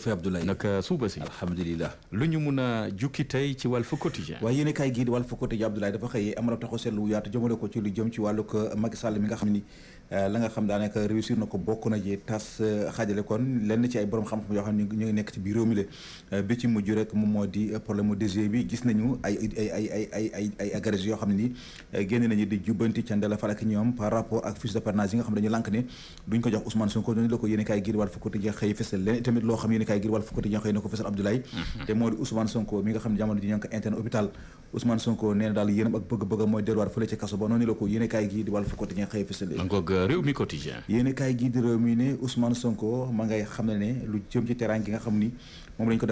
Fay Abdoulaye naka suba si alhamdulilah lu ñu mun a jukki tey ci Walf Quotidien waaye yéen a kaay gii di Walf Quotidien dafa xëyee amala taxaw seetlu yaatu jëmale ko ci lu jëm ci wàllu ko Macky Sall mi nga xam ni Euh, la nga xam daanaka réussir na ko bokk na ji tas euh, xaajale kon lenn ci ay borom xam-xam yoo xam ne ñu ngi nekk ci biir réew mi la euh, bi ci mujj rek moom moo di problème mu DG bi gis nañu ay ay ay ay ay ay ay agrégé yoo xam ni génn nañu nga xam dañu lànk na ko fësal Abdoulaye mm-hmm. te moo di Ousmane Sonko mi nga xam ne ji ñoo ngi hôpital Ousmane Sonko nee na daal yéenam ak bëgg-bëgg ko yéene euh, xam ne ne lu jëm ci terrain gi nga xam ni moom lañ ko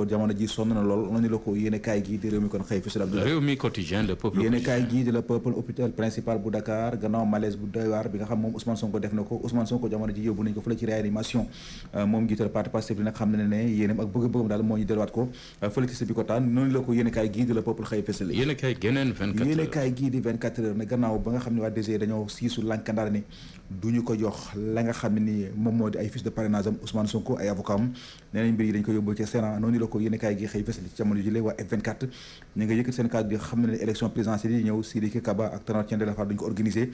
euh, ji sonn lool noonu la ko yéene kaay di réew mi kon xëy fësale réew mi quotidien le peuple hôpital principal bu Dakar gannaaw malaise bu doy bi nga xam moom Ousmane Sonko def na ko Ousmane Sonko jamono ji yóbbu nañ ko fële ci réanimation euh, moom njiital parti Pastef nag xam ne ne yéenam ak bëgg-bëggam daal delluwaat ko euh, fële ci Sébikotane noonu la ko yéen a kaay gii di la peuple heures ne gannaaw ba nga xam ne waa DG dañoo siisu lankandaar ni du ñu ko jox la nga xam ni moom ay fiche de parrainage am Ousmane ay avocat am nee nañ mbir yi dañ ko yóbbul ca Sénat noonu la ko yéen a kaay gi xëy fësale ci jamono jile waa F24 ñu nga yëkkati seen cadre bi xam ne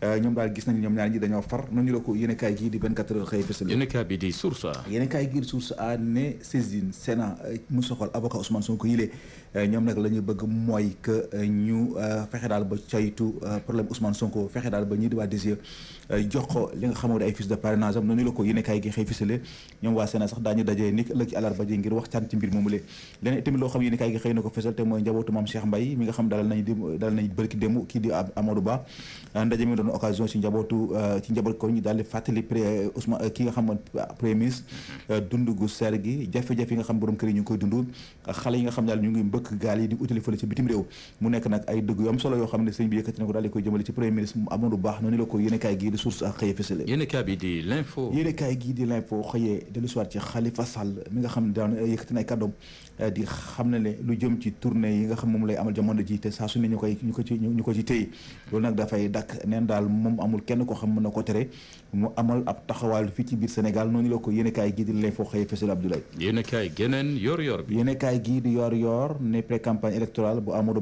Euh, ñoom daal gis nañ ñoom ñaar ñi dañoo far noonu la ko yéenekaay gii di 24 heures xëy fësal yéenekaay bi di Source A ne saisine Sénat euh, mu soxal avocat Ousmane Sonko yilee euh, ñoom nag la ñu bëgg mooy que ñu fexe daal ba caytu problème Ousmane Sonko fexe daal ba ñii di waa DG jox ko li nga xamoo di ay fiches ñoom waa Sénat sax daañu dajee ni ëllëg ci àllarba ji ngir waxtaan ci mbir moomu lee leneen itamit loo xam yéenekaay gi xëy ko fësal te mooy njabootu maam doon occasion ci njabootu euh, ci njaboot ko ñu daal fàttali pré euh, Ousmane euh, ki nga xam mm-hmm. koy dund xale yi nga xam daal ñu ngi mbëkk gaal yi di utali fële ci bitim réew mu nekk na la ko yéene kaay gii di yi nga xam moom lay amal jamono ji te saa su ne ñu koy ñu ko ci ñu loolu nag dafay dakk neen daal daal moom amul kenn ko xam mën na ko tere mu amal ab taxawaal fii ci biir Sénégal noonu la ko yéenekaay gi di l'info xëy Fesal Abdoulaye. yéenekaay geneen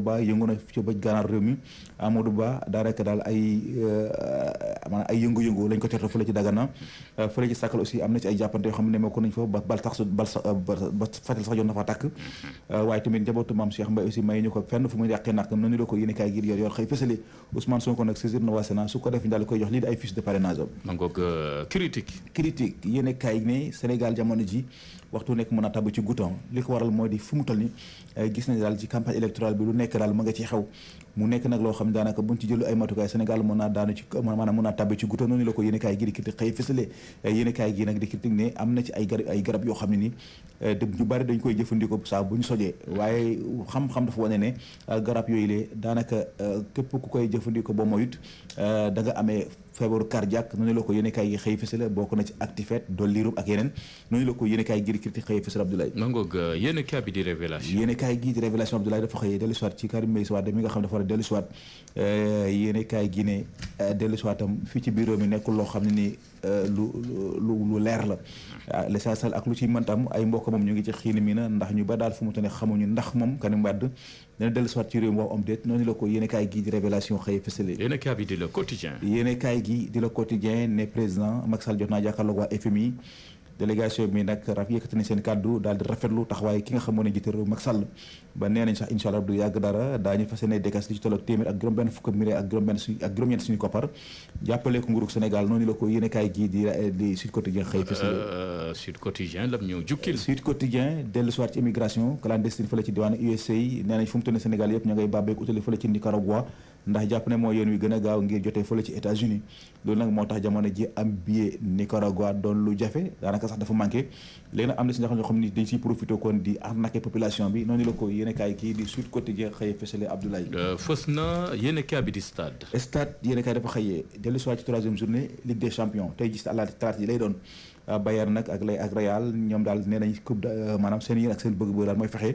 Ba yëngu Ba daanaka daal ay euh, maanaam ay ko teertoo fële ci Dagana fële ci Sakal aussi am na ci ne moo ba bal euh, ba fatel sax jot na fa tàkk euh, waaye tamit njabootu su ko def ñu daal koy jox lii di ay fiche de parrainage am. donc euh, critique. critique yéen kaay ne Sénégal jamono ji nekk mën a tabb ci gouton li ko waral mooy di fu mu ni gis nañ daal ci campagne électorale bi nekk daal ma nga ci xew mu nekk nag loo xam daanaka buñ ci jëlu ay matukaay Sénégal mën naa daanu ci maanaam mën naa tabb ci gouton noonu la ko yéen kaay gi di critique na ci ay garab yoo xam ne ni euh, ñu bari dañ koy jëfandikoo saa bu ñu sojee waaye xam-xam dafa wane ne euh, garab yooyu lee daanaka képp ku koy jëfandikoo ba moyut da nga amee feebaru cardiaque noonu la ko yéen kaay gi xëy fësal bokk na ci actifet dool liirub ak yeneen noonu la ko yéen gi critique xëy fësal Abdoulaye mangoog euh, yéen gi di révélation Abdoulaye dafa xëy dellu euh, gi ne euh, dellu siwaatam fii ci bureau mi nekkul loo xam ne ni lu lu lu leer na ndax ñu ba daal fu mu tane xamuñu ndax moom Karim Wade dana dellu siwaat ci gi di la quotidien ne président Macky Sall jot naa jàkkaarloog waa FMI délégation bi nag raf yëkkati nañ seen kàddu daal di rafetlu taxawaay ki nga xam moo ne jiite réew Macky Sall ba nee sax incha du yàgg dara daañu fas yéene dékas li ci tolloog téeméer ak juróom fukk milliard ak juróom suñu koppar jàppale ko Sénégal noonu la ko yéene kaay gii di di Sud Quotidien xëy fësal euh, euh, Sud Quotidien lam ñëw jukkil Sud Quotidien dellu soir ci immigration clandestine fële ci ci Nicaragua ndax jàpp ne moo yoon wi gën a gaaw ngir jotee fële ci États-Unis loolu nag moo tax jamono ji am billet Nicaragua doon lu jafe daanaka sax dafa manqué léegi nag am na si ñoo xam ne dañ siy kon di arnaqué population bi noonu la ko yéen a kaay kii di Sud Quotidien xëye fësale Abdoulaye euh, fës na yéen a kaay bi di stade stade yéen a kaay dafa xëyee dellu si ci journée Ligue des champions tey gis talaata ji lay doon Euh, Bayern nag ak lay ak Real ñoom daal nee nañ coupe euh, maanaam seen yéen ak daal mooy fexe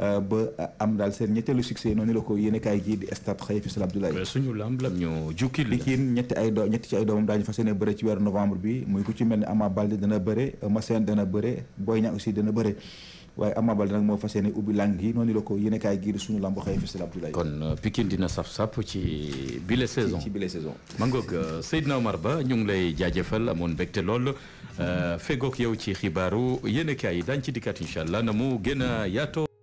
euh, ba am daal seen ñetteelu succès noonu la ko yéene kaay gii di stade Khalifa Sall Abdoulaye suñu lamb lam ñu jukki Pikine ñetti ay do ñetti ci ay doomam daañu fas ci weer novembre bi muy ku ci mel ne Ama Baldé dana bëre Massène dana bëre booy Niang aussi dana bëre waaye Ama Baldé nag moo fas yéene ubbi làng yi noonu la ko yéenekaay gii di suñu lamb xëy fësal Abdoulaye kon euh, Pikine dina saf-sap ci bile saison ci bile saison ma ngoog euh, Seydina Omar Ba ñu ngi lay jaajafal amoon mbégte lool euh, fegook yow ci xibaaru yéenekaay yi daañ ci dikkaat incha allah na mu gën a